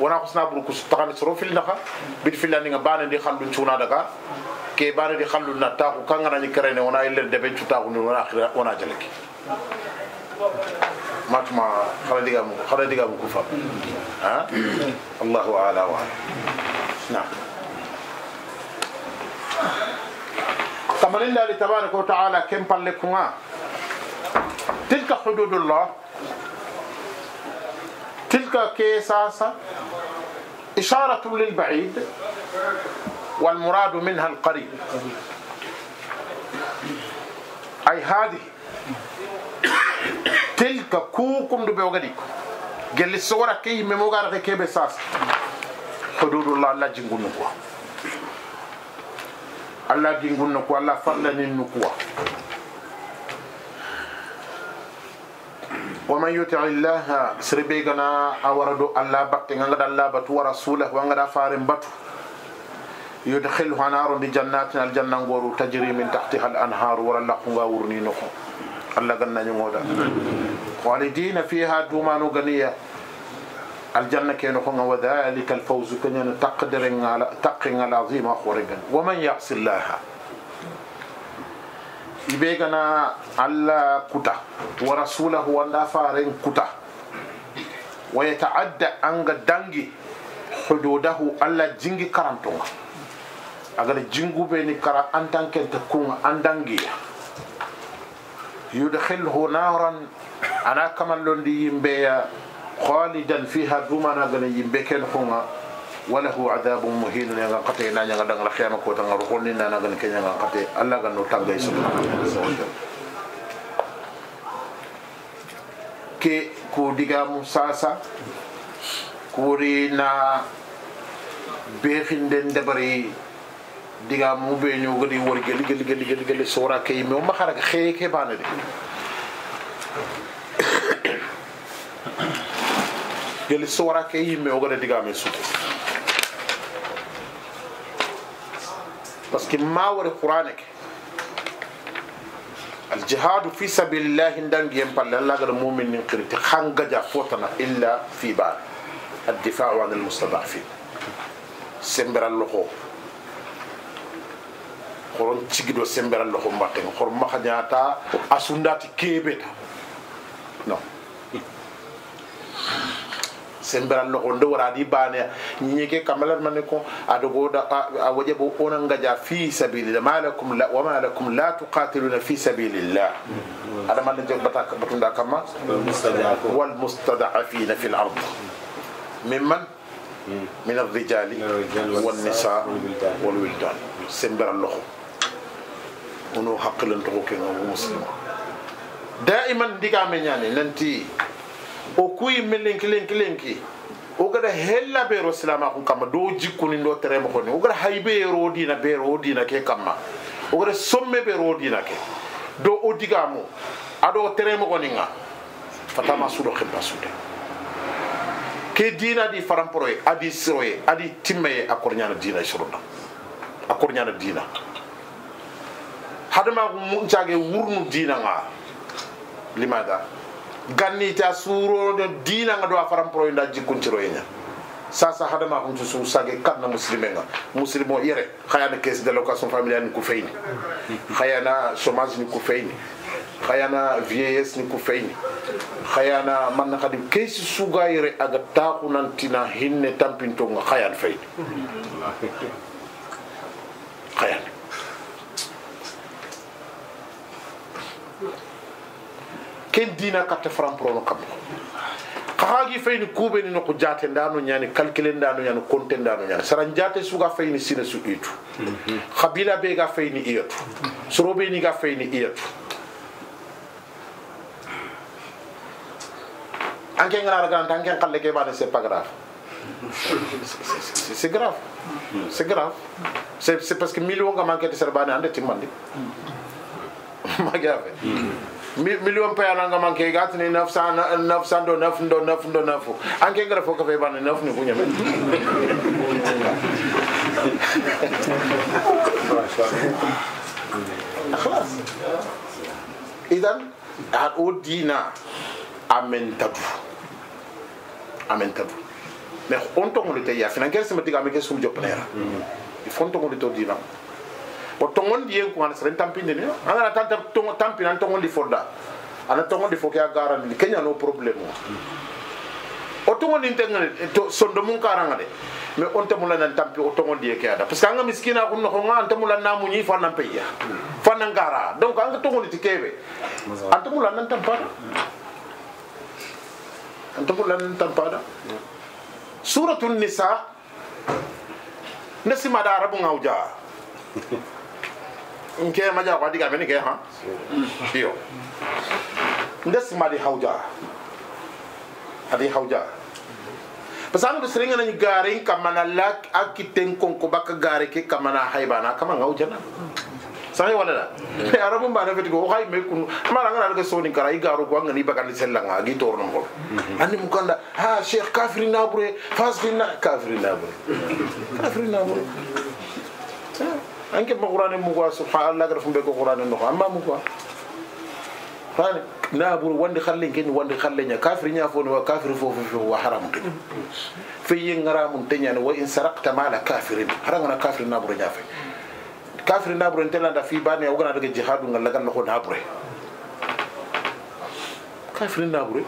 wana ko sna buru kus taxani soro naka bit filani nga bana di xallu cuna daga ke bana di xallu na taxu kanga nañu kerene wana ilen debe cu taxu ni wona xira wona jaleki matuma xala diga mu xala diga mu ku fa ha allahu ala wa na tamanin dari tabaraka wa ta'ala kem palle kunga tilka hududullah tilka ke إشارة للبعيد والمراد منها القريب أي هذه تلك كوكم دو بيوغديكو جل الصورة كي مموغارة كي بساس حدود الله لا جنغون نكوا الله جنغون نكوا الله فرلن نكوا ومن يطع الله سربيغنا أوردو الله باتين غدا الله باتو ورسوله وانغدا فارم باتو يدخلها نار بجنات الجنة غور تجري من تحتها الأنهار ورا لقوا ورني نخو الله غنا نيمودا خالدين فيها دوما نغنيه الجنة كي نخو ذلك الفوز كن تقدر على تقين العظيم أخورجن ومن يعص الله ibe gana alla kuta wa rasulahu wanda faren kuta wa yata'adda anga dangi hududahu alla jingi karantonga agada jingube ni kara antan kenta kunga andangi yudkhilhu naran ana kamallondi yimbeya khalidan fiha dumana gana yimbe ken kunga walahu adabun muhin ne ngan kate na nyanga dang la khiyama ko tan ro holni na ngan kenya ngan kate alla gan no tangay subhanahu wa ta'ala ke ko diga mu sasa ko ri na be khinden debari diga mu be nyu gadi wor gel gel gel gel gel sora kay me ma khara khe ke banade gel sora kay me o gada diga me suko pasque mawore qur'ana ke aljihadu fi sabilillahi ndangiyen palle allah gara mumin nin qiriti han gaja fotana illa fi bal addifau an almustadafin semberalloho horon cigido semberalloho mbatten hor maha ñata a sundati keɓeta non sembra no ko wara di bane nyike kamalar man ko adugo da a wajabu onan gaja fi sabilillah malakum la wa malakum la tuqatiluna fi sabilillah adama man jog batak batunda kama wal mustada'afina fil ard mimman من الرجال والنساء والولدان سمبر الله ونو حق لنتوكي مسلم دائما ديكا منياني ننتي o kuyi melenki lenki lenki o gada hella bero silama kun kamma do jikkunin do tere mogoni o gada haybe yero dina bero o dina ke kamma o gada somme bero o dina ke do o digamu ado tere mogoni nga fatama sudo khimba sude ke dina di faramporoye adi siroye adi timmeye a dina sorona a dina hadama ko muncage wurnu dina nga limada ganni ta suro do dina nga do afaram pro inda jikun ciro nya sasa hadama hum tu su sage kan na muslime nga muslimo yere khayana caisse de location familiale ni ku feyni khayana chômage ni ku feyni khayana vieillesse ni ku feyni khayana man khadi caisse suga yere aga taku nan hinne tampinto nga khayan feyni khayan ken dina katta franprono kam kaxaagi fayni kuɓeni noko jate ndano ñani calcule ndano ñani compte ndano ñani saran jate suga fayni sina su itu xabila be ga fayni iyatu soroɓeni ga fayni iyatu anke ngana raganta anke xalle ke bane c'est pas grave c'est grave c'est grave c'est parce que million ga manquete serbane ande timmandi maga fe million paya nanga manke gatini 900 900 do 9 do 9 do 9 anke ngara foka fe ban 9 ni bunya men خلاص اذا هنودينا امن تبو امن تبو mais on tongo le te ya fina ngel sima diga me ke sum jopnera il faut tongo le to dinam o tongondi yen kuŋana sere tampindini a ngana tanta tampina n tongondi foda ana tongondi fo ke a garandini ke ñano problemo. o o tongondi nte ngane sondo mun karanga de mais on temula nan tampi o tongondi ye ke da parce que anga miskina kun noxo nga anta mula na fa nan peya fa nan gara donc anga tongondi ti kebe anta mula nan tampada anta mula nan tampada suratun nisa nda simada arabu ngawja nke maja kwa diga menike ha hiyo ndes mari hauja adi hauja pasangu seringa na gare kamana lak akiten konko baka gare ke kamana haibana kama ngauja na sahi wala da arabu ba na fitigo hay me kunu mala ngana daga soni kara igaro ko ngani baga ni sella nga gi torno ngol anni mukanda ha sheikh kafiri na bure fasqina kafiri na bure kafiri na bure anke ma qur'an mu ko subhan allah gara fumbe ko qur'an no amma mu ko hani na buru wandi khalle ken wandi khalle nya kafir nya fo no kafir fo fo wa haram ken fe yin haramun tanya wa in saraqta mala kafirin haranga na kafir na buru nya fe kafir na buru tella da fi bane o gana daga jihadu ngal lagal no na buru kafir na buru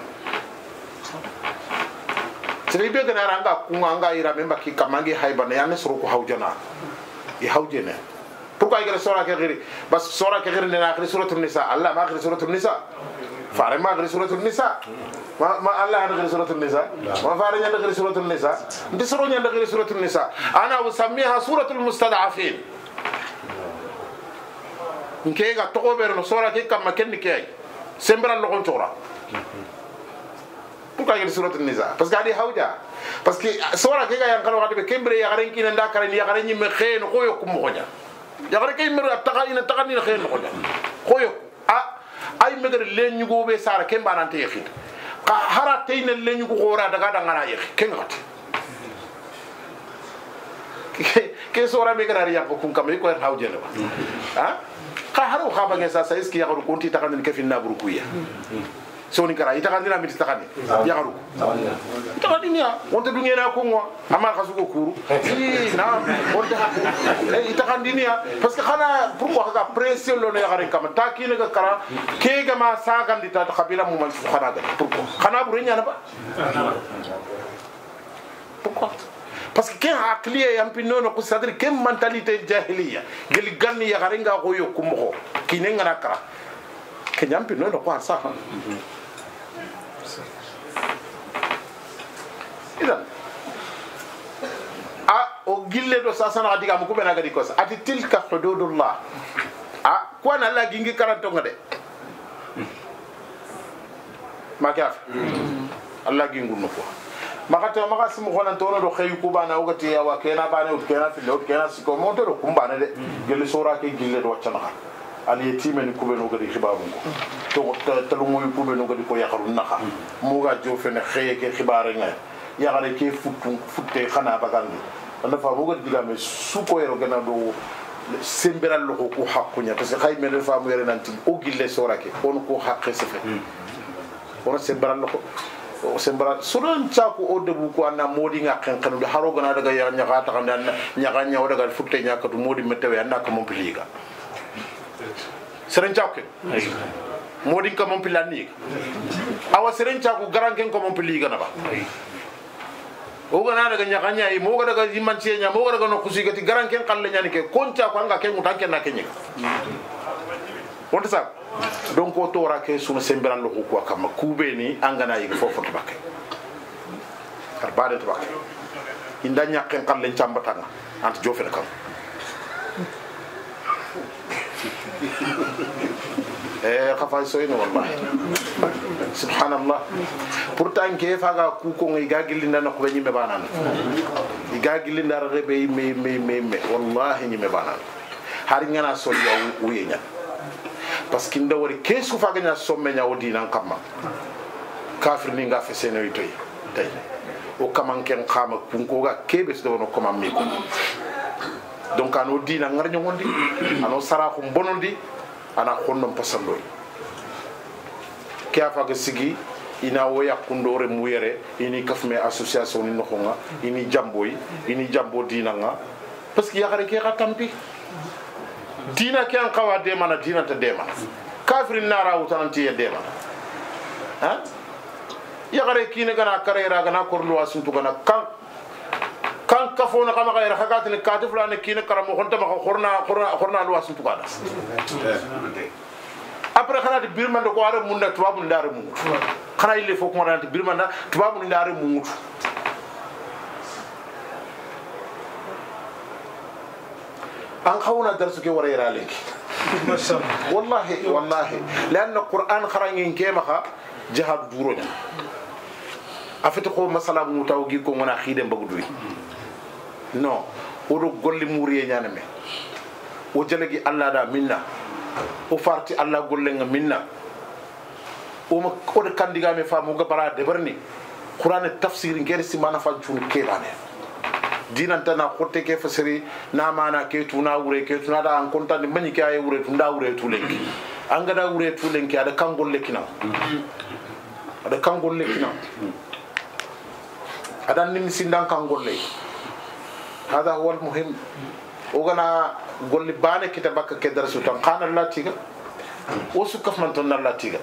sebe be gana ranga kunga anga ira memba ki kamangi haibana ya ne suru ko haujana i haujene pourquoi igara sora ke giri bas sora ke giri na akhir suratul nisa allah ma akhir suratul nisa fare ma akhir suratul nisa ma ma allah akhir suratul nisa ma fare nya akhir suratul nisa ndi soro nya akhir suratul nisa ana usammiha suratul mustad'afin nke ga togo ber no sora ke kam ken ke ay sembra lo kon chora pourquoi igara suratul nisa parce que adi hawja parce que sora ke ga yan karo ga de kembre ya garen kinan da karen ya garen ni me khen ko yo kum honya yagare kay mer taga ina taga ni xel ko xoyo a ay megar leñu go be sara ken banante yexit ka hara teyna leñu go gora daga daga na yex ken ngat ke sora me gara yakko kun kam ko haw jele ba ha ka haru khaba ngesa sa iski yagaru kunti taga ni ke finna burukuya soni kara ita kandira miti takani ya karu takani niya onte dunge na kongwa ama kasuko kuru i na onte ita kandini ya parce que kana pourquoi ka pression lo ya kare kama takine ka kara ke ga ma sa kan dita kabila mu man kana ga pourquoi kana burenya na ba pourquoi parce que ken hakliye yampinono ku sadri ken mentalité jahiliya gel ganni ya garenga ko yo kumo kinenga nakara kenyampi nono kwa saha mm -hmm. idan a o gille do sasana xa diga muku ɓena gadi kosa ati tilka hududullah a kuwana alla gingi karantonga de ma ke afe alla gingunno quoi maxata maxa simoxonantono do xeyu kubana wogati awa kena bane ut kena fille ut kena siko monte do kumbane de geli sora ke gille do waccanaxa ali yetimeni kuɓeno gadi xibaru ko to talungoyu kuɓeno gadi ko yaxaru naxa muga jofene xeye ke xibarengaya yagare ke futtun futte khana bagandi anda fa bogo diga me suko yero gena do semberal lo ko hmm. nya parce que xay men fa yere nanti o gille sorake on ko hakke fe on semberal lo ko o sembara cha ko o debu ko anna modi nga kan kan do haro gana daga ya nya ta kan dan nya o daga futte nya ko modi metewe anda ko mon pliga seren cako modi ko mon pilani awa seren cako garanken ko mon piliga na ba ogana daga ñakanya i moga daga yimantie ña moga daga no ti garan ken kalle ñani ke konca ko anga ken ŋutan ken na ke ñega wonta sa donc o tora ke sunu sembiran lo kuwa kam kube ni angana yigi fofo to bakke ar bade to bakke inda ñakken xalle cambatanga ant jofene kam xafa soyno wallahi subhanallah pourtant ke faga ku ko ngi ga gilinda no ko nyime banan i ga gilinda rebe me me me me wallahi nyime banan har ngana so ya uyenya parce que nda wori kesu faga nya somme nya wodi nan kamma kafir ni nga fe seno itoy tay o kamanken xama kunko ga kebe so no komam mi ko donc ano dina ngar nyondi ano sarahu bonondi ana honnon pasandoy ke a faga sigi ina wo yakkundore muyere ini kafme association ni noxonga ini jamboy ini jambo dinanga parce que yaxare ke xa tampi dina ke an xawa demana dinanta demana kafirin nara wutanantiye demana a yaxare kiine gana karera gana korluwa suntu gana kan فون قام غير حكات ان كاتف لان كين كرم خنت ما خورنا خورنا خورنا لو اسن تقاد ابر خنا دي بيرمان دو وار مون تو بون دار مون خنا يلي فوك مون بيرمان تو بون دار مون ان خونا درس كي وري رالك والله والله لان القران خرانين كيما خا جهاد دورو افتقوا مثلا موتاو كي كون انا خيدم بغدوي non oɗo golle muuri e ñaane men o jalagi allah ɗa minna o farti allah gollenga minna oma oɗo kandigame famuga bara deɓarni qurane tafsir ngeri simana fan cuuni keɗane dinanta na xotte ke fasiri na mana ke tu na wure ke tu na da an kontande mañi ke aye wure tu wure tu lenki an gada wure tu lenki aɗa kangol lekkinan aɗa kangol lekkinan aɗa nimmisindan kangol ley هذا هو المهم وغنا قول لي باني كتابك كدر سلطان قان الله تيغا وسكف من تن الله تيغا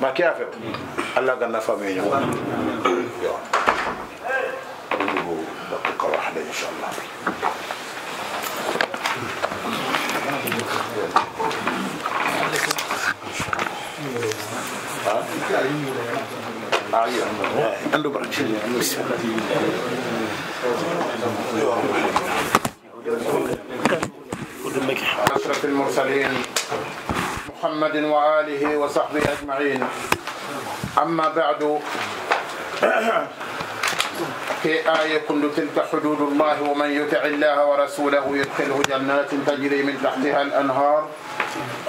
ما كيف الله غنا فامي يا واحدة إن شاء الله أيوه عنده بركة الله أشرف المرسلين محمد وآله وصحبه أجمعين أما بعد في آية كل تلك حدود الله ومن يطع الله ورسوله يدخله جنات تجري من تحتها الأنهار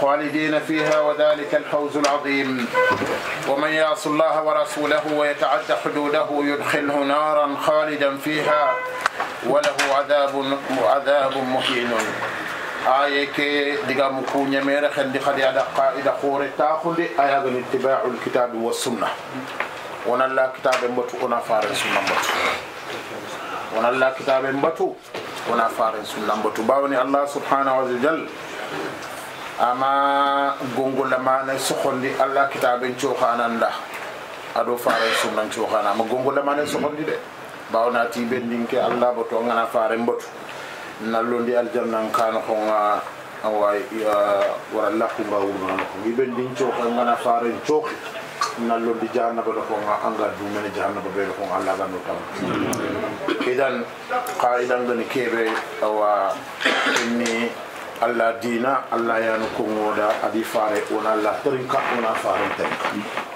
خالدين فيها وذلك الفوز العظيم ومن يعص الله ورسوله ويتعد حدوده يدخله نارا خالدا فيها وله عذاب عذاب مهين aye ke diga mu ku ñamere xendi xadi ada qaida khore taxundi ayaga ni tiba'ul kitab wa sunna wona la kitabe mbatu ona faare sunna mbatu wona la kitabe mbatu ona faare sunna mbatu bawni allah subhanahu wa jalla ama gongolamana sohondi allah kitaben cohananda aɗo fara sunnan cohana ama gongolamana sohondi de bawa nati bendinke allah boto gana fare botu nallodi aljannan kanohoga awa wara lakkunga wurnanoho i bendin coha gana faren cohi nallodi jannaba dohoga angaddu mene jannaba ɓe dohoga allah gando tama idan ka idan gani keɓe awa enni alla dina alla yanu kongoda adi fare on alla trinka ona fare tenka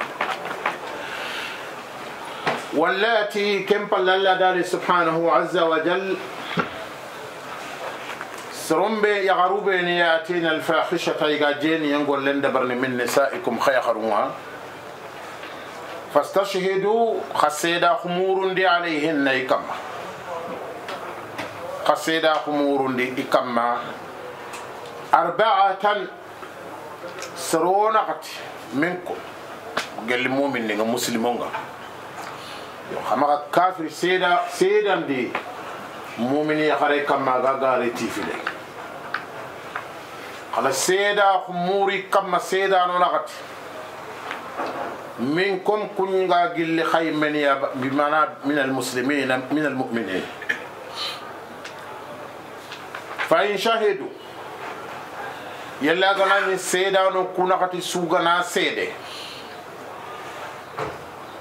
واللاتي كم الله دار سبحانه عز وجل سرمبي يغروبي نياتين الفاحشة يغاجين ينقول لن دبرني من نسائكم خيخروها فاستشهدوا خسيدا خمور دي عليهن إكما خسيدا خمور دي إكما أربعة سرونا قت منكم قال لي مو مني مسلمون خما كافر سيدا سيدا دي مؤمن يا خري كم ما غاري تي في لي قال سيدا خموري كم ما سيدا نونا قت منكم كن غاغي لي خاي من يا بمعنى من المسلمين من المؤمنين فإن شهدوا yalla gana ni seedano kunakati sugana seede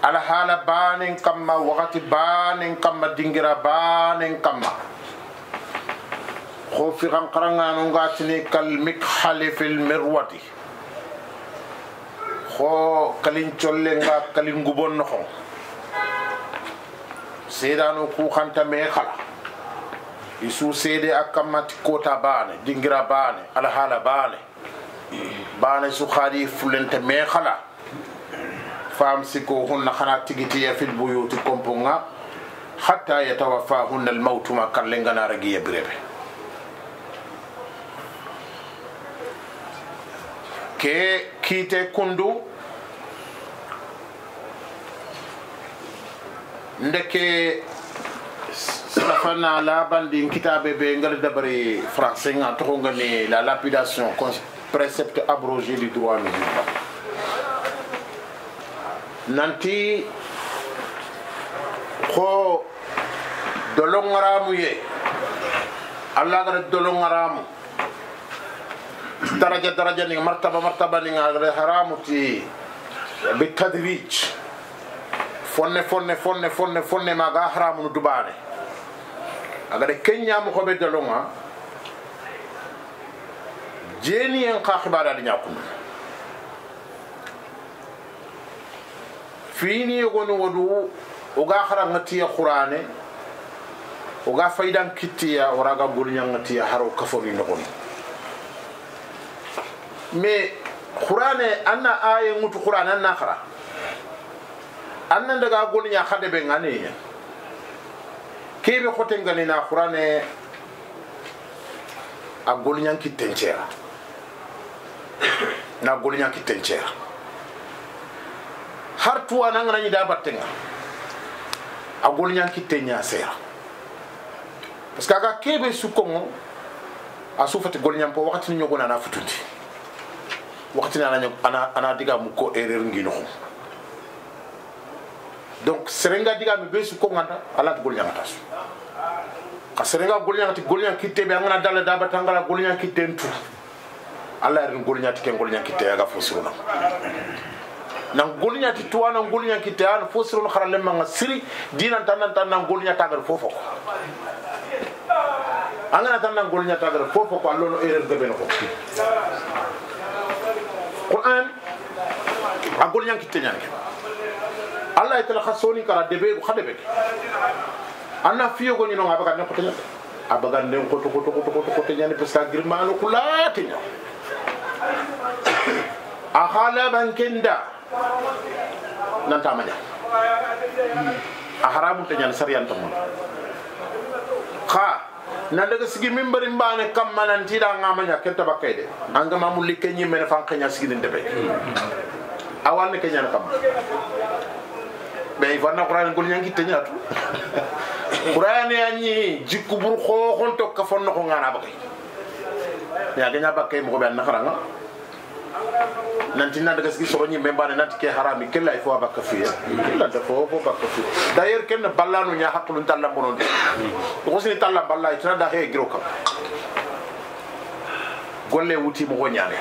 alhaala baanen kamma wakati baanen kamma dingira baanen kamma ko firan karangano ngatini kal mikhali fil mirwati ko kalin colle nga kalin gubon noxon seedano ku xanta mee xala i suuseede a kammati kota baane dingira baane alhaala baane baane su haali fulente me hala faam sikko hunna hana tigitiya fil buyuti kompon ga hatta yatawafa hunna almawtuma kalle nganara giya bireɓe ke kiite kundu ndeke safana la bandi kitabe bébé ngal dabari français nga to ngani la lapidation précepte abrogé du droit musulman nanti ko dolongaramu ye allah gara dolongaramu daraja daraja ni martaba martaba ni gara haramu ti bitadrij fonne fonne fonne fonne fonne maga haramu dubane agada kenya mo hobe dalonga jeni en ka khibara nyakum fini gonu wodu uga khara ngatiya qur'ane uga faidan kittiya waraga gurnya ngatiya haro kafori nokon me qur'ane anna aye ngutu qur'ane anna khara anna daga gurnya khade be ngane kebe khoten gani na qur'ane a golñan kitten na golñan kitten ceera har tuwa nanganañi da battenga a golñan kitten ña seera parce que aga kebe sukkongo a sufati golñan po wakatini ñogona ana futundi wakatini ana diga mukko erreur nginoxum donc serenga diga mi besu ko nganda ala gol nyanga tasu ka serenga gol nyanga ti gol nyanga kitte be ngana dalla da batangala gol nyanga kitte ntu ala rin gol nyanga ti ken gol nyanga kitte ya ga fosuna nan gol ti tuwa nan kitte an fosuna khara lemma nga siri dinan tan nan tan nan gol nyanga tagar fofo angana tan nan gol nyanga tagar fofo ko allono erreur de beno ko qur'an a gol nyanga kitte nyanga allah itala khasoni kara debe ko khadebe anna fiyo go nyino abaga ne kotenya abaga ne ko to ko to ko to ko to nyane pesa girmano kulati nya akhala bankenda nan tamanya a haramu ta nyane sariyan to mon kha na daga sigi min bari mbane kam mananti da ngamanya kenta bakayde anga mamul likenyi men fan kanya sigi ndebe awan ne kenya kam ɓe il qur'an gol ñangi teñatu qur'ane añi jikku bur xooxon tokka fonno ko ngana bakay yaga ña bakkay mogo ɓe an nga nanti na daga sigi soro ñimɓe mbane nanti ke harami ke lay fo ah. a bakka fiye kelanta fo fo bakka fiye d' ailleurs kenne ballanu ña haqulun talla mbonon de oxosini talla ballay tena da xeye giro kam golle wuti mo ñaane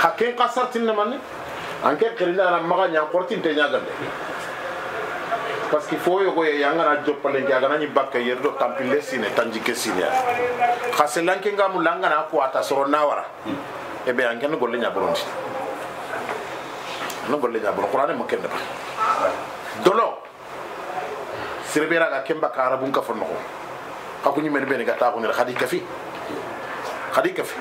xa ken xa sartinne man ne an ke xirindana maxa ña xortinte parce que fo yogoye yangana joppalenke aganañi bakka yerdo tampille sine tanjikke sine xa sellanke nga mula angana kuwata soro na wara e ɓe ankene golle ñaborondi ana golle ñaboro qurane mo kenne ba dolo sireɓeraga ken bakka arabun ka fo noxo xa kuñimene ɓene ga taxunere xadi kafi xadi kafi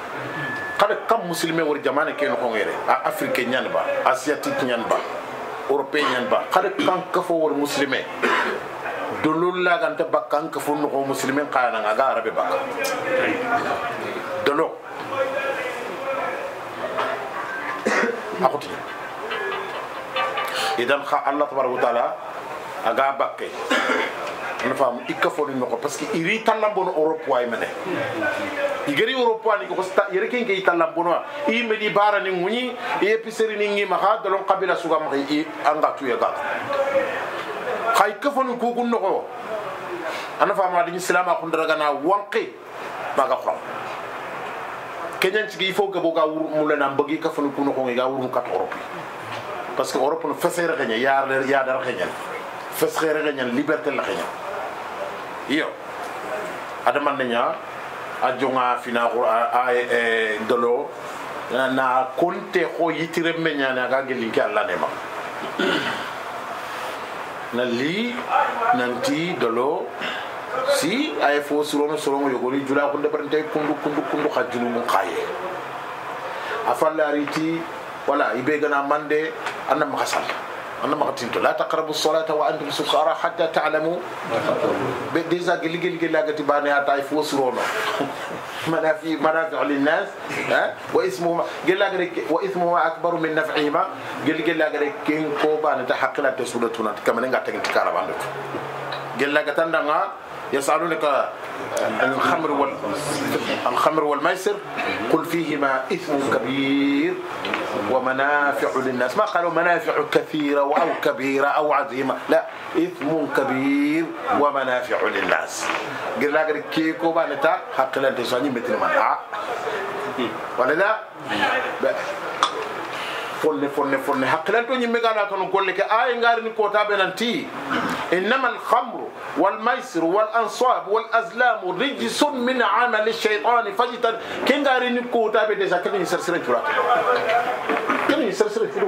xaɗa kam musilme wor jamane ke noxongere a afrique ñan ba asiatique ñan ba européen ba xare kan kafo wor muslimé dolol la ganta bakkan kafo no muslimé xana nga ga arabe bakka dolo akuti idan kha allah tabaraka taala aga bakke na fam ikafo no ko parce que iri tan lambono europe way mene igeri europe ani ko sta yere ken ke italla bonwa i me di bara ni nguni i episeri ni ngi maha dalon kabila suga ma i anga tu ya ga khay ka fon ku kun no ana fa ma di islama kun daga na wanqi maga ko kenyan ci gi fo ga boga wur mulana mbagi ka fon ku no ko ga wur kat europe parce que europe no fesere ganya yar ya dar ganya fesere ganya liberté la ganya yo adaman nya a jonga fina ay dolo na konte ho yitire menya na ga gelin ke Allah ne ma na li nanti dolo si ay fo surono surono yogoni jula ko debarante kundu kundu kundu khajunu mun khaye afalla riti wala ibe gana mande anna makasal أنا ما قتلت لا تقربوا الصلاة وأنتم سكارى حتى تعلموا بديزا قل قل قل لقت باني هتعرف وصلونا منافع منافع للناس ها واسمهما قل لقري واسمهما أكبر من نفعهما قل قل لقري كين كوبا نتحقق لتسولتنا كمان نقعد تكرر عندك قل لقت عندنا يسألونك آه، الخمر وال... الخمر والميسر قل فيهما إثم كبير ومنافع للناس ما قالوا منافع كثيرة أو كبيرة أو عظيمة لا إثم كبير ومنافع للناس قال لك كيكو بانتا حق لن مثل من ولا لا folle folle folle hakkilanto ñimme gana tonon golle ke aye ngarini kotaɓe nan ti innama alhamru walmaisir walansab walazlamu rijsun min amali cheitani fajitan ke ngarini kotaɓe déjà keɗoñi sersere curata keɗoñi sersere cuɗo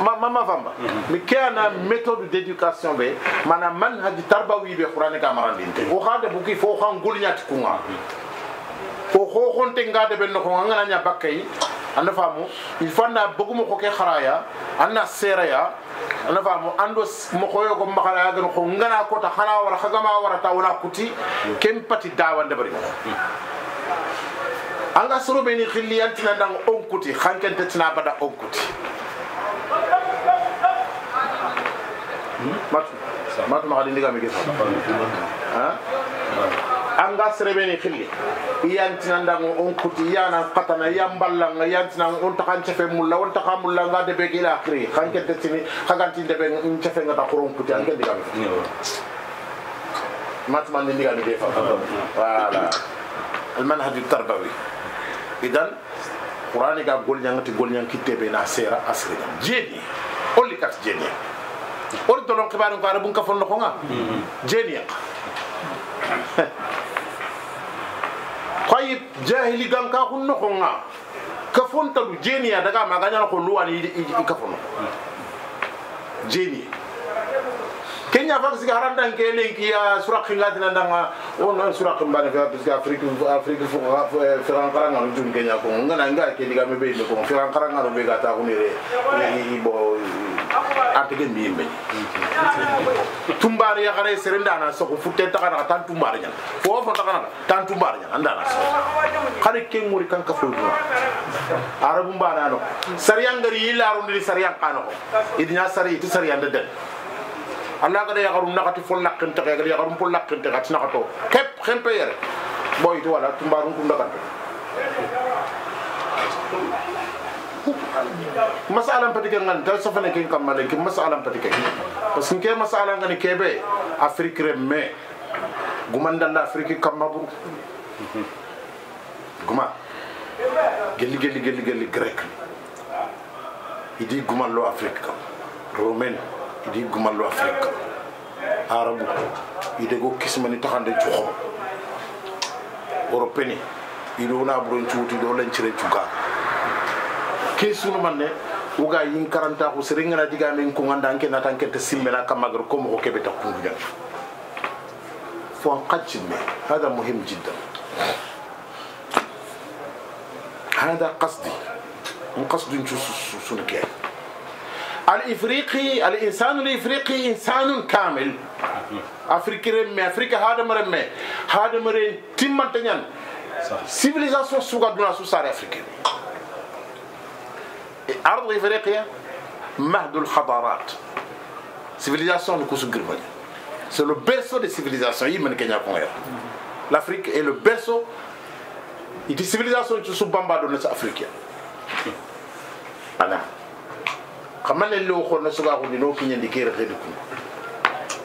wora mama famba mi keana méthode d' éducation ɓe mana manhaji tarbawi ɓe qurane ka marandinte o xade buki fo xan golñati kunga ko hohonte nga deɓen no ko anganaña bakkayi anda faamu il faut anda bogumo ko ke haraya anna seeraya anda faamu ando mokoyogo maharayagano ko ngana kota hana wara hagama warata wona kuti ken pati dawande bari anga soroɓeni xilli yantina ndang on kuti xankente tina bada on kuti matu matu maxa ɗi ndigamege sa anga serebe ni khili iyan tinanda ngo onkuti kuti yana qatana iyan nga yan tinan on takan chefe mulla ontakan takan mulla nga de be gila khri khan ke te tini khagan kan tin de be ngin chefe nga ta mat defa wala al manhaj al tarbawi idan qurani ga gol nyanga ti gol nyang kitte na sera asri jeni oli kat jeni ordolon kibaru kwara bunka fonno ko nga jeni mm-hmm. ayit jahili gan ka kun no khonga kafon talu jeniya daga maganya ko luwani kafon jeni kenya fa sika harandan ke lenki ya surak ngati nandanga ono surak mbane fa sika afrika afrika fo firan karanga no jun kenya ko ngana nga ke diga mebe ko firan karanga no be gata ko ni re ni bo artegen mi yimɓe tumbare yakare sere ndana sogo futte taxanaxa tan tumbare ñana fofo taxanaxa tan tumbare ñana andana sogo xane ke ngori kan ka foyduna arabu mbana no sariyangari yi larundiri sariyan xanoxo idina sari ti sariyande den alla gada yakarum naxati fo laqintexe gada yakarum fo laqintexe ati naxato kep xempe yere boy to wala tumbarum kum ndaxante masalan ngan ngani dal sofane ken Masalah ke masalan patike parce masalah ke masalan ngani kebe afrique remme gumandanda Afrika kamma buru guma geli geli geli geli grec idi lo afrique kam romaine idi lo afrique kam arabu idego kismani taxande cuxo europeni ido na buron cuuti do lancire juga. ke sunu mande uga yin karanta ku serengana diga men ko nganda anke na tanke te simmena kamagar ko mo kebe ta kundu jan fo an qajjime hada muhim jiddan hada qasdi من قصد سلوكه الافريقي الانسان الافريقي انسان كامل افريقي رمي افريقيا هذا مرمي هذا مرمي تيمان تنيان سيفيليزاسيون سوغا دونا سو سار افريقي le إفريقيا مهد Khabarat, civilisation de Koussou C'est le berceau des civilisations. L'Afrique est le berceau des civilisations qui sont bamba africain. Voilà. Comment les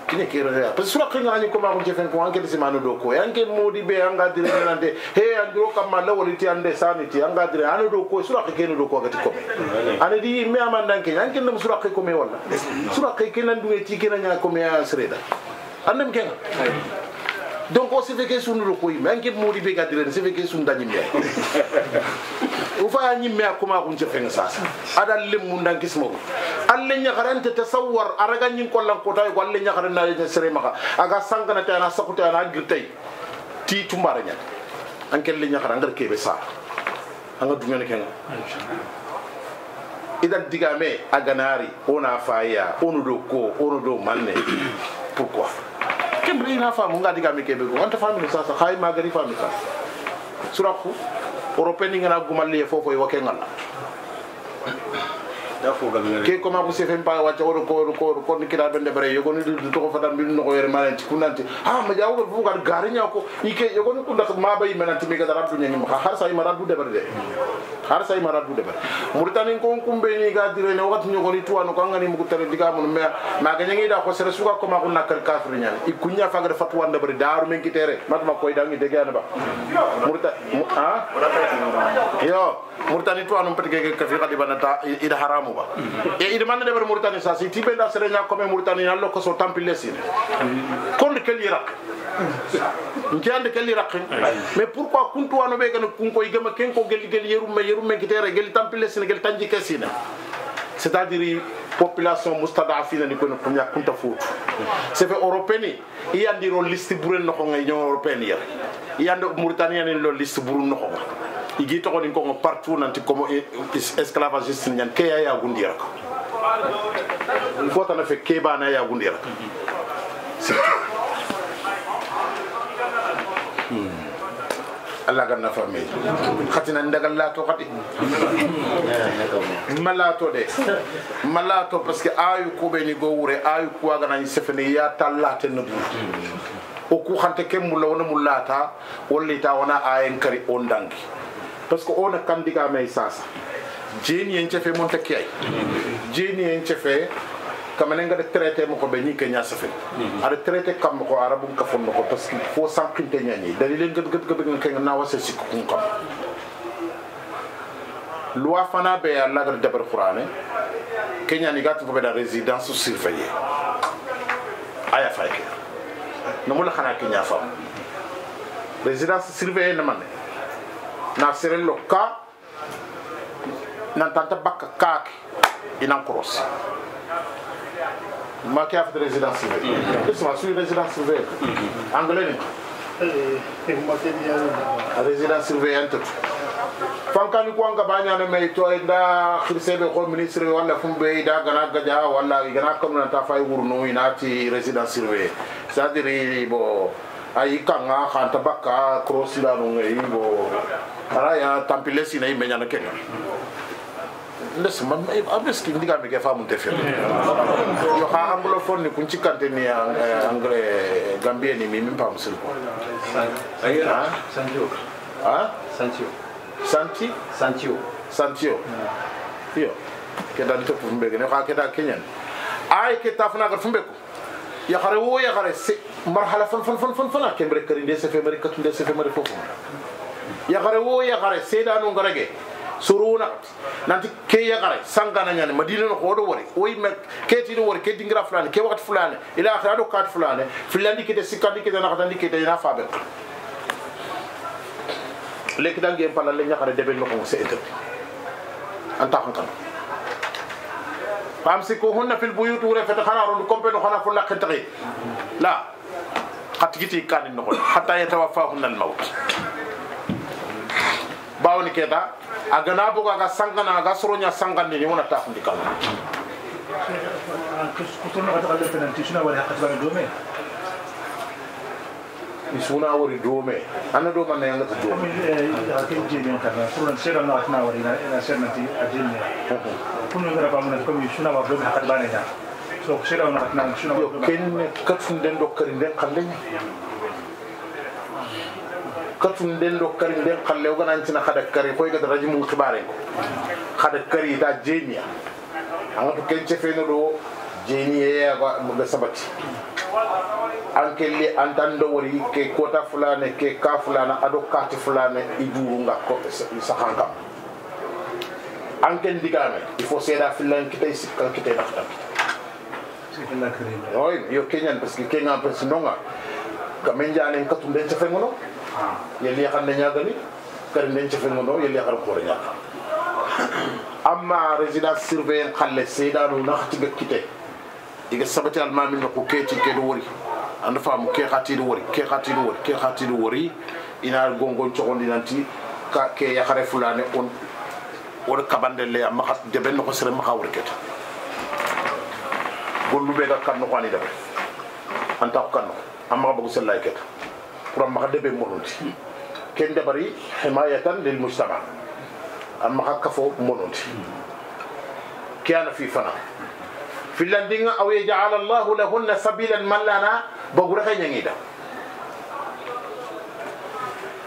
kine kere ya parce que kina ani ko ma ko jefen ko anke sima no doko anke modi be anga dire nande he andro kam ma la woli ti ande sani ti anga dire anu doko sura ke kene doko ga ti ko ani di me amandan ke anke nam sura ke ko me wala sura ke kina ndu ti kina nya ko me asreda andam kenga donc o sefeke sunuro koyime anke moodi be gadirene sefeke sunda ñimmea o faya ñimme a koma kunce fenga sasa aɗa lemmundan kismaru alle ñakarente tasawar araga ñin kollankotay ko alle ñakarenae seremaxa aga sanganate ana sakute ana girtay ti tumbara ñat anke le ñakara angar keɓe sara anga dungene kenga idan digame a ganari ona faya onu do ko onu do manne pourquoi kembre ina faamu nga diga mi kebe ko wanta faamu sasa khay magari faamu sasa sura ko europeni ngana gumalle fofo yo kengal ke koma ko sefen pa wacca oɗo koɗo koɗo konni kiɗa ɓen ndeɓere yogoni toko fadan mbiɗu noko yere mananti kumnanti ha ma jawgol fof gaɗa gariñaw ko ike yogoni kunda mabayi menanti mi gada raddu ñanima ha har sayima raddu ndeɓere de har sayima raddu ndeɓere mauritani kon kumɓeni ga direne wakati ñogoni tuwano ko angani mugu tere digamuno mais maga ñangiɗa ko sere suka koma ko nakkar kafri ñani i kuña fagada fatuwa ndeɓere daru men kitere matma koyɗangi degeanaba maurita a yo murtani to anum pete gege kafi kadi banata ida haramu ba e ida man de ber murtani sa si tibe da serenya ko me murtani allo ko so tampile sin kon de kel iraq nti ande kel iraq mais pourquoi kuntu wano be gana kun ko igama ken ko gel gel yerum me yerum me gitere gel tampile sin gel tanji kesina c'est-à-dire population mustadafina ni kono kunya kunta futu c'est fait européen i andiro liste buren no ko ngay ñoo européen yar i ando mauritania ni lo liste burun no ko igi togonin kongo partout nanti komo esclavagiste ñan keya yagundira ka fotana fe kebana yagundira ka allah ganna famme hatina ndagal laato kadi ma laato de ma laato par ce que aayu kuɓeni go wure aayu kuwaganañi sefene yata laaten no buur o ku hante ken mulla wona mu laata wallita wona ayen kari on dangi on a que ona ça ça jeni en cefe monte kay jeni en cefe nga de traité mo ko be ni kenya a ada traité kam ko arabu ka fon ko parce que fo sankinte nyani dali len gad gad gad ngen na wase ci ko ko loi fana be alla gar dabar qur'ane kenya ni gat be da résidence surveillée aya fay no mo la xana kenya fa résidence surveillée na man na serello ka nan tanta bakka kaake inan crosse ma ke afde résidence civique isma sui résidence civique mhm. anglais ni eh, eh, résidence surveillante fankani ko anga bañana may to e da khirseɓe ko ministre walla fumɓe da gana gadia walla gana kamnanta fay wurno inati résidence surveillé c'est à dire bon ayi kanga xanta bakka crosse lanogeyi bon ara ya tampile sina i meñana kenga les man abes ki ndiga mege famu te fel yo ha anglophone ni kunci kante ni anglais gambien ni mi min pam sul ko sancho ha sancho sanchi sancho sancho yo ke dan to fumbe ne ha ke da kenyan ay ke tafna ga fumbe ko ya khare wo ya khare se marhala fan fan fan fan fan ke mbere kari de se fe mbere katu de se fe mbere fofu yagare wo yagare seedanu ngarage surunakati nanti ke yagare sangana ñani madina no hoɗo wori oyi me ketino wori ke dingira fulane ke wakati fulane ila akhira ɗo kaati fulane fillandi kite sikkandi kite nakatandi kite ina faɓe ka leki dangi en palla le ñakare deɓe nokongo c'est interdit an taxan kan famsikuhunna fil buyut wure fete xana ron compe no xana fo lakkentaxi la xa tigiti kanin noxon xata yetawafahunna al mawt tawni keta agana boga ga sangana aga soronya sangandi ni wona tafundi kala mi suna wori dome anna do man yanga do kunu ngara pamuna ko mi suna wa dome hakat bane da so sira wona katna suna wa kenne katfunden do kari den kallenya katun den do karin den kalle oga nan cina kada kari koy ga raji mun kibare ko kada kari da jemiya an to ken chefe no do jeniye ya ga sabati an kelle an tan do wori ke kota fulane ke ka fulana ado kati fulane iduru nga ko sahanka an ken digame il faut seda filan kitay sikkan kitay nafta oy yo kenyan parce que kenyan parce nonga kamen jalen katum den chefe ngono yelli yakande ñagani kadi nden cefengono yelli yakara koore ñaga amma résidence surveillant xalle seydanu nax tiga kite diga sabati almamin ko keti keɗo wori anda faamu ke xa tiɗo wori ke xa tiɗo wori ke xa tiɗo wori ina gongon cogondi nanti ka ke yakare fulane on wor kabande le a maxa deben noxo sere maxa wor keta gollu ɓega kan noxo ani dabe anta ko kan noxo a maxa bogu sellay keta كرام مغدب مونوت كين دبري حماية للمجتمع أما كفو مونوت كان في فنا في اللندن أو يجعل الله لهن سبيلا ملانا بغرق ينيدا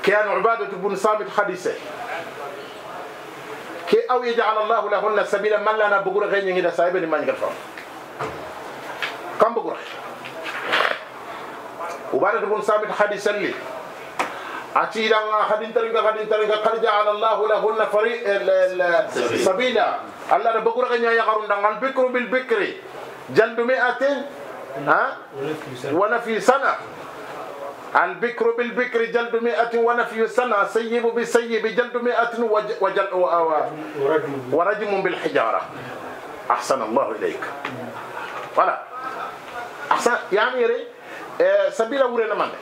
كان عبادة بن صامت حديثة كي أو يجعل الله لهن سبيلا ملانا بغرق ينيدا سايبا لما يغرفهم كم بغرق وبعد تكون ثابت حديثا لي أتيدا خدين ترينك خدين ترينك قد جعل الله لهن فريق سبيلا الله نبكر غنيا يقرون دعنا البكر بالبكر جلد مئة ها في سنة البكر بالبكر جلد مئة ونفي سنة سيب بسيب جلد مئة وجل ورجم بالحجارة أحسن الله إليك ولا أحسن يعني ري sabila wure na mande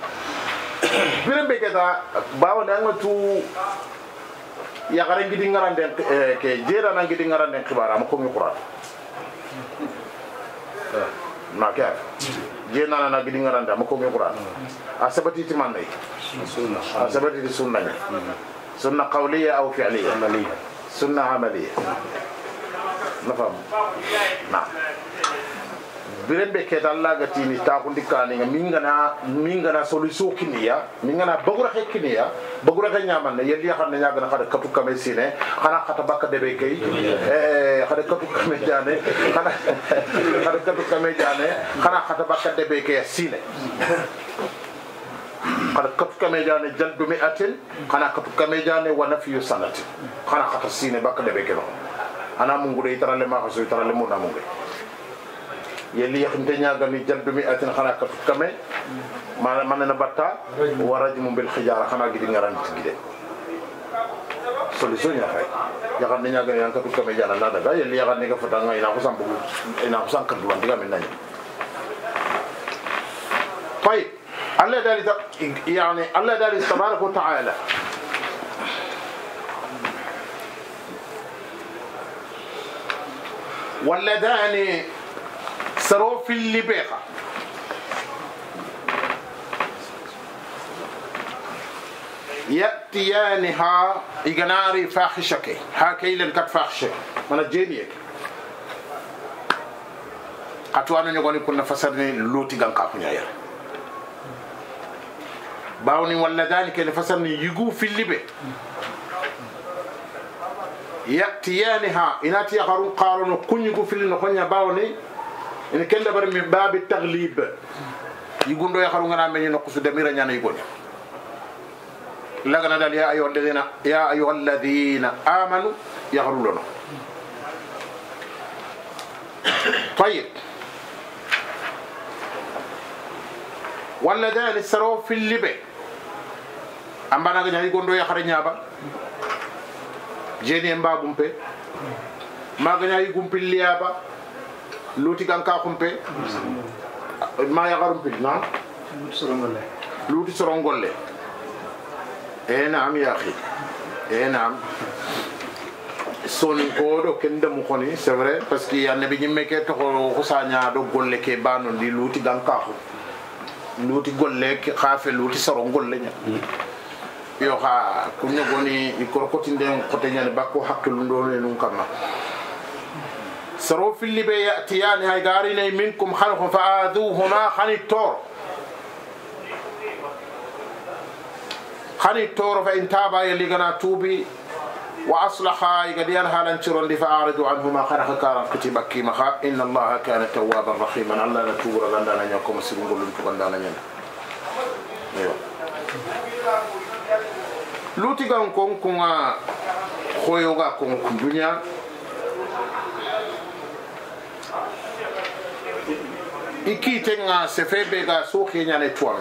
birin be keta bawo da nga tu ya garan gidi ngaran den ke jera nan gidi ngaran den kibara ma ko mi qur'an na ka je nana na gidi ngaran da ma ko mi qur'an a sabati ti mande sunna a sabati ti sunna ne sunna qawliya aw fi'liya sunna amaliya na fam na birebe ke dalla ga tini ta kundi kani ga mingana mingana solution kiniya mingana bagura ke kiniya bagura ga nyaman ne yelli xamne nyaga na xada katu kame sine xana xata bakka debe kay eh xada katu kame jane xana xada katu kame jane xana xata bakka debe kay sine xana katu kame jane jaldu mi atin xana katu kame jane wa nafyu sanati xana xata sine bakka debe kay no ana mungure itarale ma xaso itarale mo na mungure yelli yakhinte ñagani jaddumi atin xana ka tukkame manena batta wa rajmu bil khijara xana gidi ngaranti gide solution ya xay yakhande ñagani yan ka tukkame jana la daga yelli yakhande ka fata nga ina ko sambu ina ko sanka duwan diga min nani طيب الله داري يعني الله داري تبارك وتعالى واللذان فسروا في اللباقة يأتيانها إغناري فاخشك هاكي لنكت فاخشك من الجينيك katuwano ñogoni kunna fasarni luuti gan ka kuñayere bawni walla dalika ne fasarni yigu filli ɓe yatiyani ha inati yakarun karono kuñigu filli no koña bawni ina ken dabar min babi taglib yigundo yakharu ngana meñi nokusu damira ñana yigoña lagana dal ya ayuha alladhina ya ayuha alladhina amanu yakharu lono طيب والذان السرو في اللبن أما أنا جاني كوندو يا خارج نيابا جيني أمبا بومبي ما جاني كومبي ليابا lootigan kaxumpe ma yaxarumpi na luuti sorongolle enam yaxi enam soni ko do ken demu xoni c'est vrai parce que ya nebi ñimme ke toxo xusaña do golle ke bano ndi luuti gan kaxu luuti golle xa fe luuti sorongolle ña yo xa ku ñogoni i korkotinden xote ñane bakko xaktulu ndo ne nun kamma سروف اللي بيأتيان هاي قارين منكم خنهم فآذوهما خن التور خن التور فإن تابا يلي قنا توبي وأصلحا يقديان هالان شرون فأعرضوا عنهما خنخ كارم كتب كيمخا إن الله كان توابا رحيما الله نتوبر لنا نيكم سيبون قلن تقندان نينا أيوة. لوتي كان كون كون خويوغا كون كون دنيا i kiitenga sefe be ga so keñane tuwanga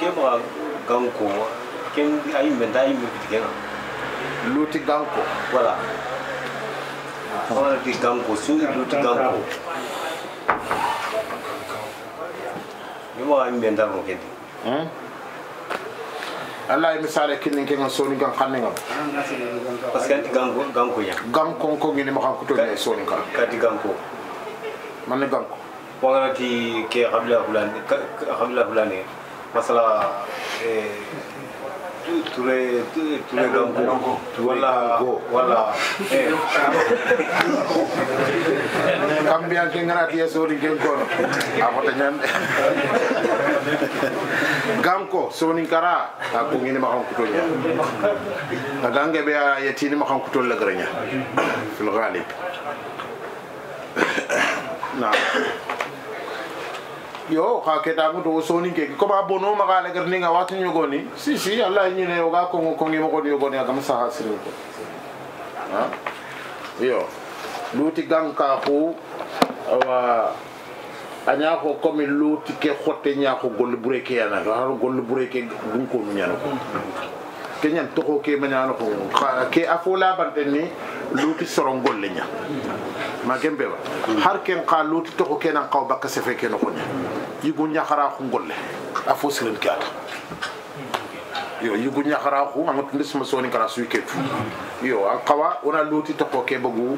ke maxa ganko ke a yimɓe nda yimɓe bitikenga luuti ganko voilà xawanati ganko sugi luuti ganko mi maxa yimɓe ndarno ke di hmm? alla ye misale kinin ke ngan soni gan kanne ngam parce que ganko ganko ya ganko ko ngini ma kan kutu ne soni ka. kati ganko man nañ banko wala ti ke qabla fulan bulan ni masala ture ture donko wala wala eh. kambian ke ngana dia ya, sori gen nyam gam ko so ni kara aku to makan ta ngadange be ya tini ko to la grenya fil ghalib نعم yo xa ketagu to soni keke comme a bono maxa legar ninga watu ñogoni si si alla ñine oga kongo kongi mogon yogoni a kam saxa siril ko yo luuti ganka xu awa a ñaaxo comme luuti ke xotte ñaaxo golle bure ke yana xaro golle bure ke gunkonu ñano ko ke ñan toxo ke ma ñano ko ke a fo labanten ni luuti soron golle ña ma gembe ba har ken qalut to ko kenan qaw bakka se fe ken ko yigu nyakhara khu golle a fo sirin kata yo yigu nyakhara khu am to nisma soni kala su ketu yo an qawa ona luti to ko ke bugu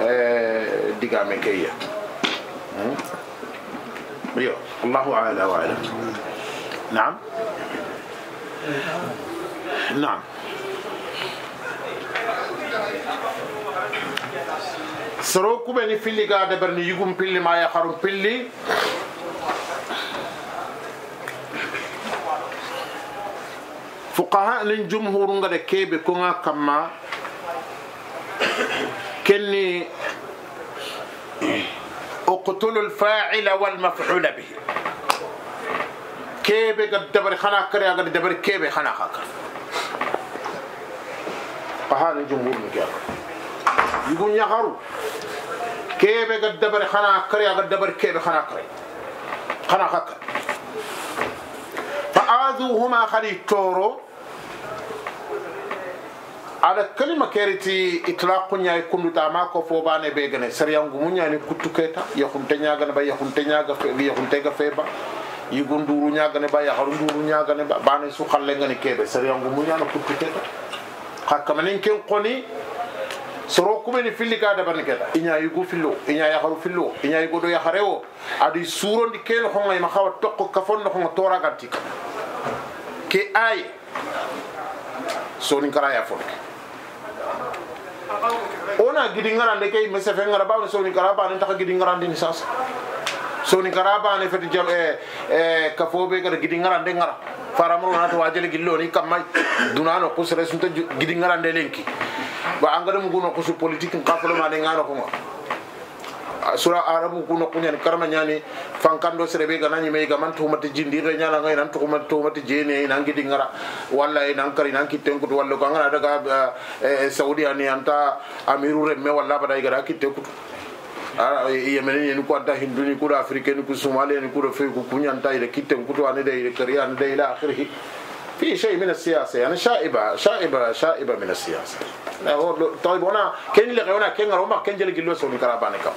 eh diga men kayya yo الله أعلى وأعلم نعم نعم soro kuɓeni pilli ga deɓerni yigum pilli ma yaharum pilli fuqaha nin jumhuru ngada keɓe konga kamma kenni اقتلوا الفاعل والمفعول به كيبي قد دبر خنا كري قد دبر كيبي خنا خاكر قهان الجمهور من كيبي yugu ñagaru kebe ga dabari xana kare aga dabari kebe xana kare xana xa kare fa aduhuma xani toro ada kalima keriti itlaqu ñay kunduta ma ko fobane be gane sariyangu mu ñani kuttu keta yaxunte ñagane ba yaxunte ñaga fe yaxunte ga fe ba yigu nduru ñagane ba yaxaru nduru ñagane ba bane su xalle ngani kebe sariyangu mu ñana kuttu keta xakkamane ken qoni soro kuɓeni filli ka dabarni keta iña yugo fillo iña yaharu fillo iña yugoɗo yahare o adi surondi kelo honga ima hawa tokko kafonno honga toragantik ke aye soni karaya fonke ona gidi ngarande kay mese fe ngara bawne soni kara bane taka gidi ngarande ni sasa soni kara bane fete jam e e kafobe gara gidi ngarande ngara faramro na to wajele gillo ni kamma dunano kusre sunta gidi ngarande lenki ba angada mu kuno kusu politique nka folo ma de ngano ko sura arabu kuno kunya ni karma nyani fankando serebe gana nyime ga man tuhuma te jindi re nyala ngai nan tuhuma tuhuma te jene nan gidi ngara walla e nan kari nan kitten kutu walla ko ngara daga saudi ani anta amiru re me walla bada igara kitten kutu yemene ni ko anta hindu ni ko africain ni ko somali ni ko fe ko kunya anta ire kitten kutu ani de ire kari ani de ila akhirih في شيء من السياسة يعني شائبة شائبة شائبة من السياسة طيب هنا كين اللي غيونا كين روما كين جل جلوس من كرابانك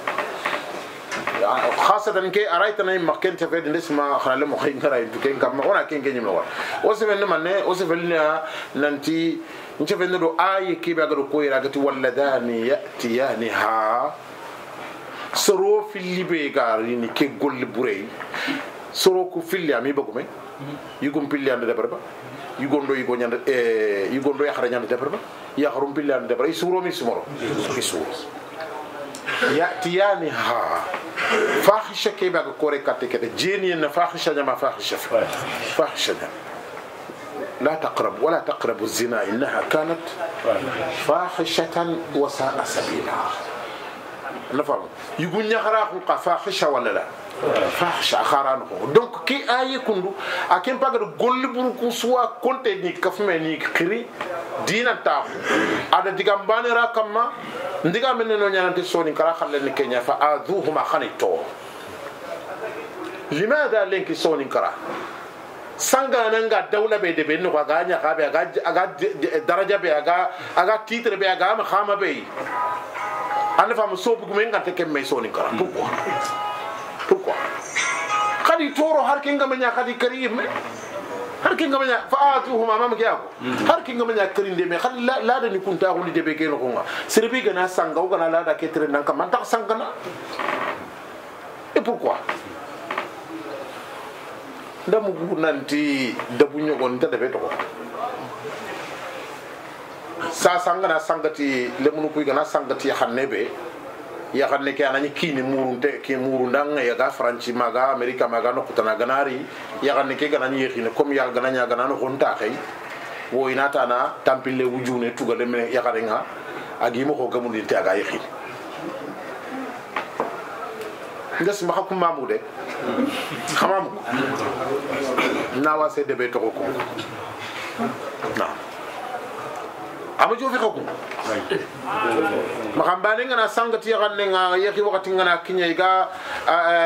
يعني خاصة إنك اريت أنا ما كنت في الناس ما خلنا لهم خين كراي كين كم هنا كن كن يملوا وصف إنه من وصف لنا ننتي نشوف إنه آية كي بيقولوا كويرا كتو ولدان يأتيانها سروف اللي بيقارني كي قل بوري سروكو في اللي عم بقومي يقوم بيلي عند دبربا يقوم لو يقوم عند إيه، يقوم لو يخرج عند دبربا يخرج بيلي عند دبربا يسورو ميسمور يسور يأتيان ها فاخشة كي بعك كوري كاتي كده جيني إن فاخشة جما فاخشة فاخشة لا تقرب ولا تقرب الزنا إنها كانت فاخشة وساء سبيلها نفهم يقول يغرق فاخشة ولا لا fahsha harano ko donc ke aye kundu a ken pagata golliburu ku suwa konte ni kafume ni kiri dina tafu ada diga mbanira kamma ndiga menne no ñanante soni kala xalleni keña fa aduhuma xani to limada lenki soni kara sangana nga dawla be de benno ga nya ga be ga daraja be ga ga titre be ga ma khama be an fa mo sobu gumen ga te kem me soni kara pourquoi pourquoi kadi toro har kinga manya kadi karim har kinga manya faatuhuma mama ke ako har kinga manya karim de me kadi la da ni kunta ko de be ke no konga serbi gana sanga o gana la da ke tre nan kam ta sanga na et pourquoi ndamu gu nanti dabu ñogon ta debe to sa sanga na sangati lemunu kuy gana sangati xanne be yaxanle ke anañi kiini murunte ke murundang ga franci maga america maga no kutana ganari yaxanne ke ganañi yexine comme yaxa ganaña ganano xonta xey wo na tampile wujune tugale mene yaxarenga agimo xo gamundinte aga yexine nges ma ku mamu de xamamu nawa se debe to ko ama jofi ka kun makan bane ngana sanga tiya kanne nga yaki wakati ngana kinya iga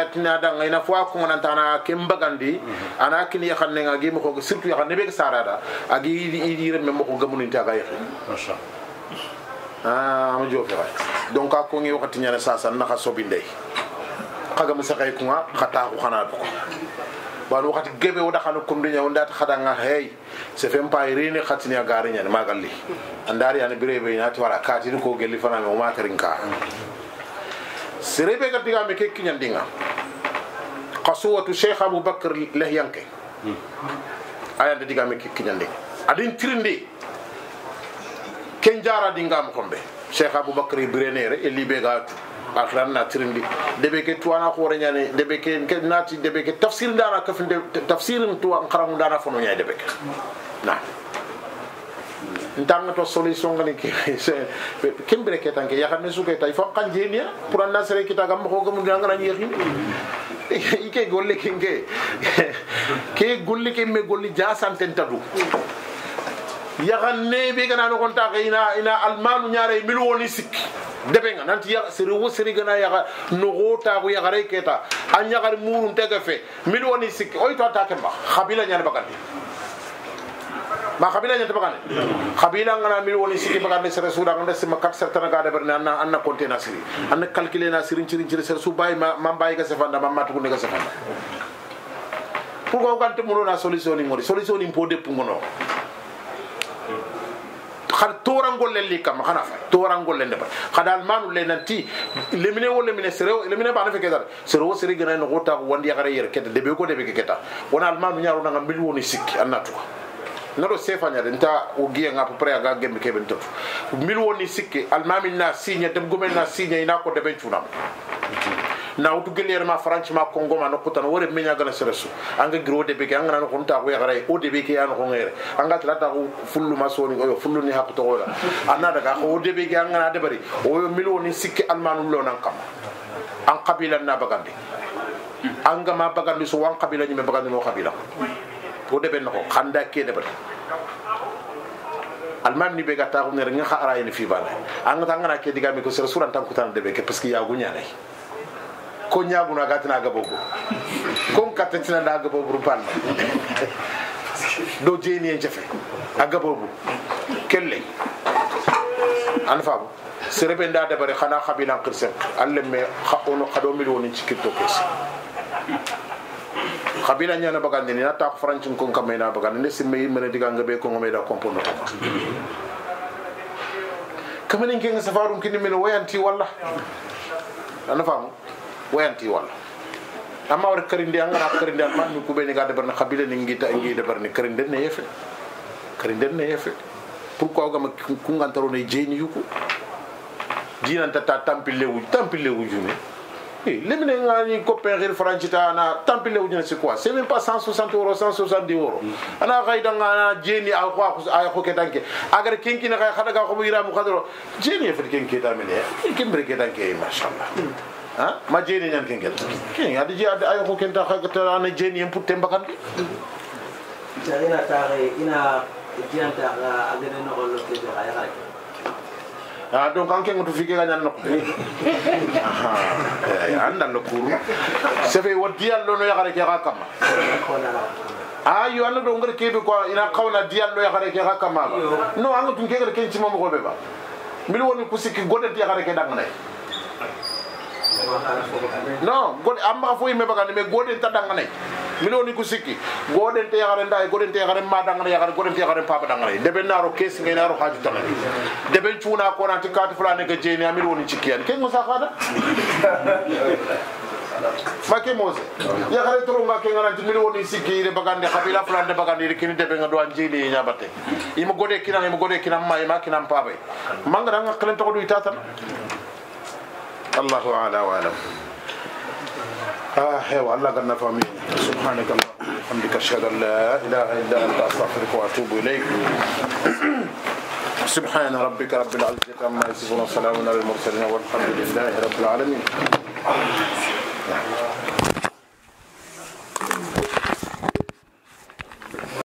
tina danga ina fwa kunga nantana kembagandi ana kini yakanne nga gi moko surtout yakanne be sarada agi idire me moko gamunu inta ga yaki ama jofi ka donc a kungi wakati nyana sasa naka sobindei kaga musaka kunga kata ku kana duko ban wakati gebe wo dakhanu kumdi nya onda khadanga hey se fem pa irene khatini agari nya magalli andari an birebe ina wara kati ko gelli fana me ka sirebe serebe ga me ke kinyandinga qaswatu sheikh abu bakr lahyanke aya de diga me ke kinyande adin tirindi ken jara dingam kombe sheikh abu bakr birenere e libe gaatu akhiran na tirindi debe ke tuwana khore nyane debe ke nati debe ke tafsir ndana kafin tafsirin tuwa karamu ndana fono nyane debe ke na ntanga to solution ngani ke kembere ke tanke ya xamne suke tay fo kan jenia pour anda sere kita gam ko gam ngana yehi ike golle kinge ke golle ke me golle ja santen tadu yaxanne be gana noxontaxe ina ina almanu ñare milwoni sikki deɓenga nanti sere wo sere gana yaxa noxo taxu yaxare keta a ñaxar murun tega fe milwoni sikki oy to ata kemba xabila ñane bagandi ma xabila ñante bagandi xabila ngana milwoni sikki bagandi sere suda nganda sima kat sertana ga deɓerne anna anna compté na siri anna calculé na sirin cirin ciri sere su bayi ma ma mbayi ga sefanda ma matugunde ga sefanda pourquoi o gante mulona solution ni ngori solution ni mpo deppu ngono xar torangolle li kam xana fay torangolle nde ba xadal manu le nanti lemine wo lemine serew lemine ba na fe kedar serew sere gana no gota wandi xare yer kete debe ko debe keta wona almanu nyaro na ngambil woni sikki annatu naro sefañade nta o guiye ga à peu près aga gembe keɓen tatu mil woni sikki almamin na signe debgomen na signe ina ko deɓen cunama na wutu ma faransi ma kongo ma nɔkɔ tan o de gana sɛrɛ so an ka de bɛ kɛ an kana nɔkɔ ta ko yɛrɛ o de bɛ kɛ an anga tlata an ka tila ta ko fulu ma sɔn o fulu ni hakɛ tɔgɔ la an n'a o de bɛ kɛ an kana dabari o ye miliyɔn ni sikki alimami lɔn nan kama an kabila n'a bagan bɛ an gama bagan bɛ so an kabila n'o de bɛ nɔkɔ kan da ke dabari almam ni be ga taxu ne nga ni fi bala an tangana ke diga mi ko sura suran tan de be parce que ya gunya nay ko ñaguna ga tana gabobo kon katta tinanda gaboburu palma dow jeyni en jafe a gabobu kelle an faamu serebe nda dabari xana xabilan qir sen alle me ono xado mil wonin cikkirto kes xabila ñana bagandi ni na tax franci kon kam na bagandi ne simme yi mena diga ngabe ko ngome da kompono ko kamani ngenga safarum kini mena wayanti walla an faamu wayanti walla amma wara karinde angara karinde an mami kuɓeni ga debarne kabila ni gita gi debarne karinde ne yefe karinde ne yefe pourquoi ogama kungantarone jeyni yuku dinantata tampille wuju tampille wujune limine ngani copain xir francita ana tampille wujune c'est quoi c'est même pas 160 euros 170 euros ana xayda ngana jeni a xoke tanke agar kenkine xay xadaga xobo yiramu xadoro jeni ye fet ken keta mene kembere ketanke machallah ha ma jeni nyam kengel kin adi ji adi ayo ko kenta ka ta na jeni yam putte mbakan de jarina tare ina jianta ga agene no gollo ke ga ya a donc an kengoto fige gañan nokko andan no kuru sefe won diyallo no yakare ke xa kamma a yo anna do ngar kebe quoi ina xawna diyallo yakare ke xa kammaga non anga tun kegere ken cimamoxoɓe ba mbiɗa woni ku sikki godenti yakare ke danganay non god amma fo yimme bagande mais goden ta danganay minoni ku sikki goden te yagare nda goden te yagare ma dangana yagare goden te yagare papa dangana debe naro kesi ngai naro haju dangana debe chuna ko nanti kat fulane ke jeni amir woni cikkiyan ke musa fada make mose yagare toro nga ke ngana timir woni sikki ire bagande kabila fulane bagande ire kini debe nga do anjeli nyabate imo gode kina imo gode kina ma ima kina pabe mangara nga kelen to do itata الله على وعلم آه والله قلنا فهمين سبحانك الله وبحمدك أشهد أن لا إله إلا أنت أستغفرك وأتوب إليك سبحان ربك رب العزة عما يصفون وسلام على المرسلين والحمد لله رب العالمين